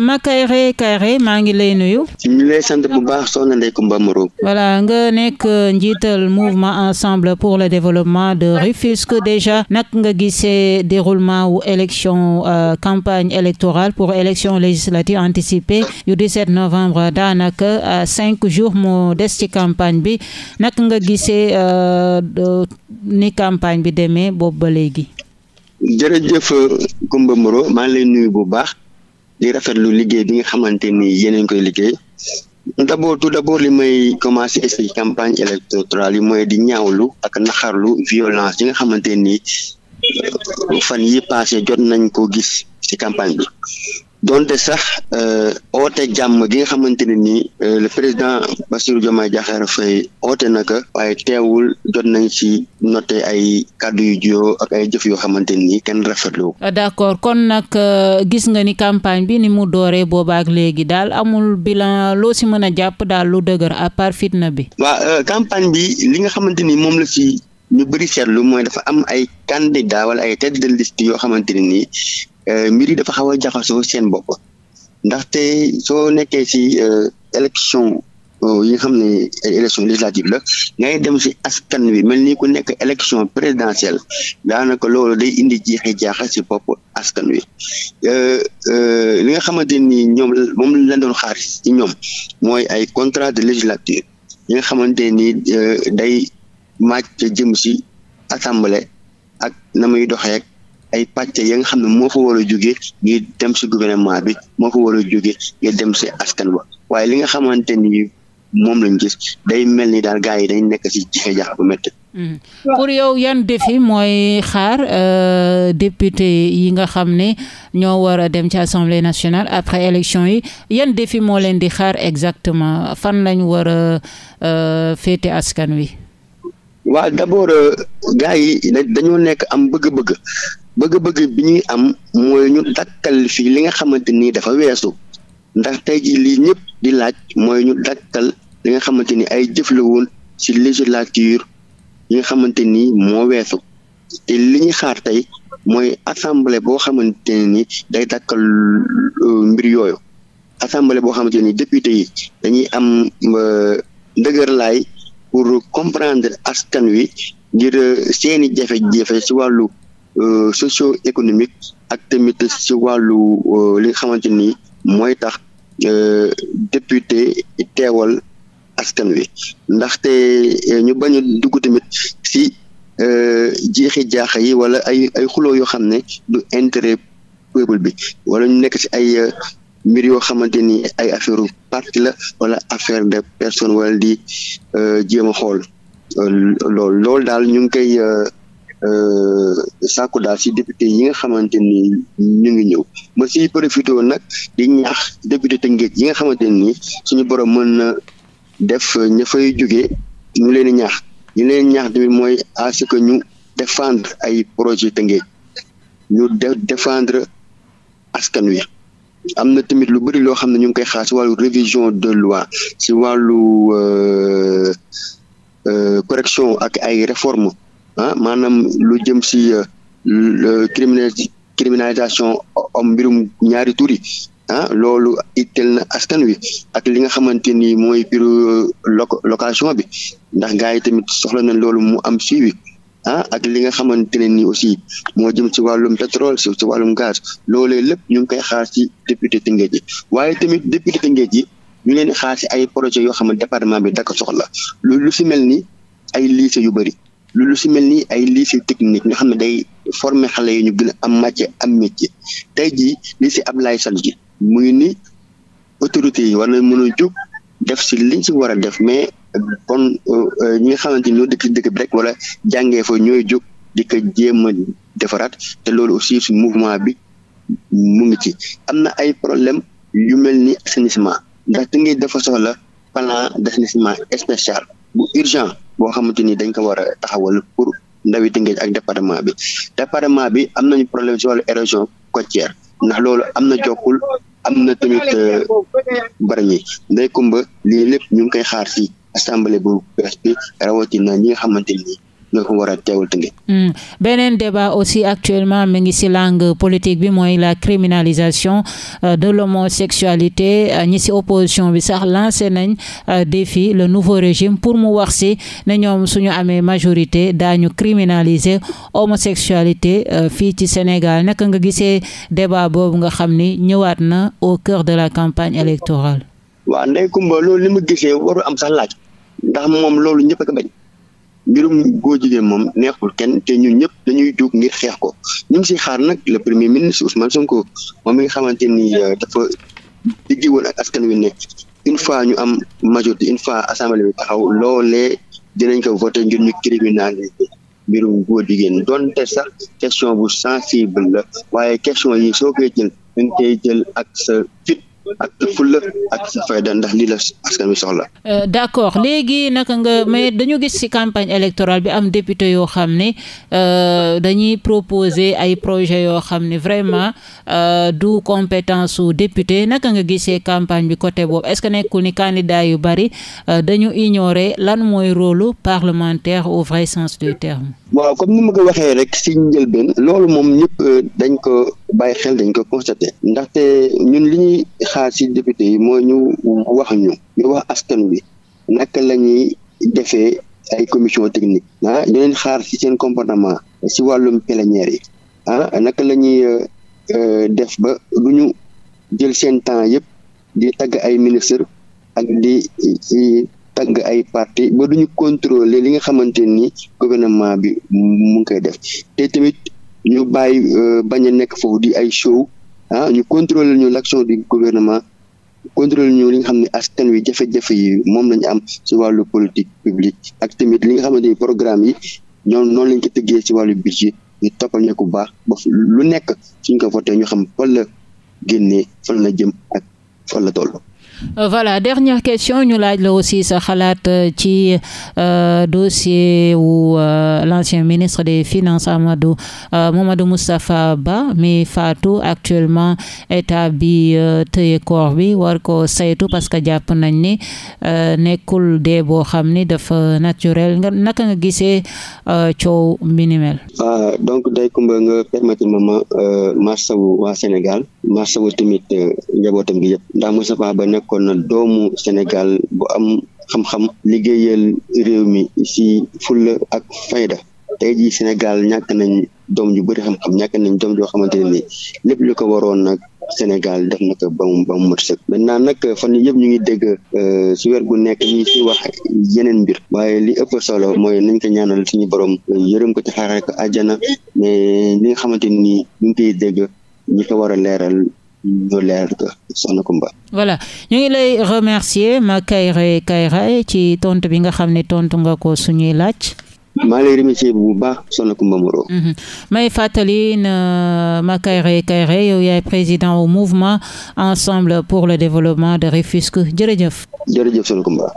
ma Makairé Kairé maa ngi lay nuyu. ñu lay sant bu baax soxna Ndeye Comba Moreau. voilà nga nekk njiital mouvement ensemble pour le développement de Rufisque déjà nak nga gisee déroulement wu élection euh, campagne électorale pour élection législative anticipée yu 17 novembre daanaka euh, cinq jours moo des ci campagne bi nak nga gisee euh, ni campagne bi demee boobu ba léegi. jërëjëf Comba Moreau maa lay nuyu bu baax. di rafet lu liggéey bi nga xamante ni yéen koy liggéey d' abord tout d' li may commencé ci campagne électorale yi mooy di ñaawlu ak naxarlu violence yi nga xamante ni fan yi passé jot nañ ko gis ci campagne bi donte sax euh, oote jàmm gi nga xamante ne nii euh, le président Bassirou Diomaye Diakhar Faye oote naka waaye teewul jot nañ ci noté ay kàddu yu juyoo ak ay jëf yoo xamante ne nii kenn rafetlu ko. Euh, d'accord kon nag gis nga ni campagne bi ni mu dooree boobaak léegi daal amul bilan loo si mën a jàpp daal lu dëgër à part fitna bi. waa campagne bi li nga xamante ni moom la si ñu bëri seetlu mooy dafa am ay candidat wala ay tête de liste yoo xamante ne nii. Euh, mbir yi dafa xaw a jaxasoo seen bopp ndaxte soo nekkee si euh, élection euh, yi nga xam ne élection législative la ngay dem si askan wi mel ni ku nekk élection présidentielle daanaka loolu day indi jeexi jaaxa si bopp askan wi li nga xamante ni ñoom moom lañ doon xaar ci ñoom mooy ay contrat de législature yi nga xamante ni day màcc jëm si assemblée ak na muy doxee. ay pàcc ya nga xam ne moo fa war a jóge ngir dem si gouvernement bi moo fa war a jóge ngir dem si askan wa waaye li nga xamante ni moom lañ gis day mel ni daal gars yi dañ nekk si jixe jax bu mm-hmm. pour yow yan défi mooy xaar euh, député yi nga xam ne ñoo war a dem ci assemblée nationale après élection yi yan défi moo leen di xaar exactement fan lañ war a euh, féete askan wi waaw d'abord euh, gars yi dañoo nekk am bëgg-bëgg bëgg-bëgg bi ñuy am mooy ñu dakkal fii li nga xamante ni dafa weesu ndax tey ji lii ñëpp di laaj mooy ñu dakkal li nga xamante ni ay jëf ci législature yi nga xamante ni moo weesu te li ñuy xaar tey mooy assemblée boo xamante ni day dakkal euh, mbir yooyu assemblée boo xamante ni député yi dañuy am euh, ndëgërlaay pour comprendre askan wi ngir euh, seeni jafe-jafe ci wàllu Euh, socio économique ak tamit ci wàllu euh, li nga xamante ni mooy tax euh, député teewal askan wi ndaxte ñu bañ dugg tamit si jeexi jaaxa yi wala ay ay xuloo yoo xam ne du intérêt peuple bi wala ñu nekk ci ay mbir yoo xamante ni ay affaire parti la wala affaire de personne wala di jéem a xool loolu loolu daal ñu ngi Euh, sàkku daal si député yi nga xamante ni ñu ngi ñëw ma si profité nag di ñaax député Tëngéej yi nga xamante ni suñu borom mën na def ñëfay fay ñu leen ñaax ñu leen ñaax tamit mooy à que ñu défendre ay projet Tëngéej ñu def défendre askan wi am na tamit lu bëri loo xam ne ñu ngi koy xaar si wàllu révision de loi si wàllu euh, euh, correction ak ay réformes ah lu jëm si euh, le criminel criminalisation om mbirum ñaari tur ah loolu itteel na askan wi ak li nga xamante ni mooy biru euh, location bi ndax gars yi tamit soxla na loolu mu am si ah ak li nga xamante ne ni aussi moo jëm ci wàllum petrole si ci wàllum gaz loolee lépp ñu ngi koy xaar ci député Tëngéej yi waaye tamit député Tëngéej yi ñu leen xaar si ay projet yoo xam ne département bi daka soxla lu lu si mel ni ay lycée yu bëri lu si mel ni ay lycée technique nga xam ne day former xale yi ñu gën a am matière am métier tey jii ab Abdoulaye Sadji ji muy ngi ni autorités yi wara na jóg def si liñ si war a def mais bon euh, ñi nga xamante ni ñoo dëkk dëkk bi rek wala jàngee fo ñooy jóg di ko jéem a defaraat te loolu aussi su mouvement bi mu ngi ci am na ay problème yu mel ni assainissement ndax da defa dafa soxla plan d'assainissement spécial bu urgent boo xamante ni dañ ko war a taxawal pour ndawi Tëngéej ak département bi département bi am nañu problème ci wàllu érosion côtière ndax loolu am na jokkul am na tamit euh, barañi nday kumba lii lépp ñu ngi koy xaar si assemblée bu bees bi rawatina ñi nga xamante ni Hmm. beneen débat aussi actuellement mi ngi si lang politique bi mooy la criminalisation euh, de l'homosexualité euh, ñi si opposition bi sax lancé nañ euh, défi le nouveau régime pour mu wax si ne ñoom suñu amee majorité daañu criminaliser homosexualité fii ci Sénégal naka nga gisee débat boobu nga xam ni ñëwaat na au cœur de la campagne électorale. ndax moom loolu ñëpp a ko bañ. mbirum góor jigéen moom neexul kenn te ñu ñëpp dañuy dugg ngir xeex ko ñu ngi si xaar nag le premier ministre Ousmane Sonko moom mi nga xamante ni euh, dafa diggi woon ak askan wi ne une fois ñu am major une fois assemblée bi taxaw loolee dinañ ko voté ngir ñu criminalisé mbirum góor jigéen donte sax question bu sensible la waaye question yi soo koy jël dañ koy jël ak sa fit ak fulla ak sa fayda ndax lii la askan wi soxla. Euh, d' accord léegi naka nga mais dañu gis ci campagne électorale bi am député yoo xam ne euh, dañuy proposer ay projet yoo xam ne vraiment euh, du compétence su député naka nga gisee campagne bi côté boobu est ce que nekku ni candidat yu bari dañu ignorer lan mooy rôle parlementaire au vrai sens du terme. waaw comme ni ma ko waxee rek ci njëlbeen loolu moom ñëpp dañ ko. bàyyi xel dañ ko constaté ndaxte ñun li ñuy xaar ci député yi mooy ñu wax ñu ñu wax askan wi naka la ñuy defee ay commission technique ah ñu leen xaar ci seen comportement ci wàllum plénière yi ah naka la ñuy euh, euh, def ba du ñu jël seen temps yëpp di tagg ay ministre ak di tagg ay parti ba du ñu li nga xamante ni gouvernement bi mu ngi koy def te tamit ñu bàyyi euh, bañ a nekk foofu di ay show ah ñu contrôler ñu l'action du gouvernement contrôler ñu li nga xam ne askan wi jafe-jafe yi moom lañu am ci wàllu politique publique ak tamit li nga xamante ni programme yi ñoom noonu lañ ko tëggee ci wàllu budget ñu toppal ñu ko baax ba lu nekk suñ ko voté ñu xam fan la génnee fan la jëm ak fan la toll Euh, voilà dernière question ñu laaj la aussi sa xalaat euh, ci euh, dossier wu l'ancien ministre des finances Amadou Mamadou mustafa Ba mi faatu actuellement état bi tëye corps bi war ko saytu parce que jàpp nañ ni nekkul dee boo xam ni dafa naturel nga naka nga gisee coow mi ah, donc day kumba nga permettre ma marsawu waa Sénégal marsawu tamit njabootam gi yëpp ndax Moustapha Ba nekk kon doomu Sénégal bu am xam-xam liggéeyal réew mi si fulla ak fayda te jii Sénégal ñàkk nañ doom yu bari xam-xam ñàkk nañ doom joo xamante ne ni lépp li ko waroon nag Sénégal def na ko ba mu ba mu mat sëkk maintenant nag fan yii yëpp ñu ngi dégg si euh, weer gu nekk ñu si wax yeneen mbir waaye li ëpp solo mooy nañ ko ñaanal suñu borom yërëm ko ci xaaral ko àjjana mais li nga xamante ni ñu ngi koy dégg ñi ko war a leeral lu leer soxna Kumba voilà ñu ngi lay remercier Makairé Kairé ci tontu bi nga xam ne tontu nga ko suñuy laaj. maa lay remercier bu baax soxna Kumba Moreau. Mhm. may fàttali na euh, Makairé Kairé yow yaay président au mouvement ensemble pour le développement de Rufisque jërëjëf. jërëjëf soxna Kumba.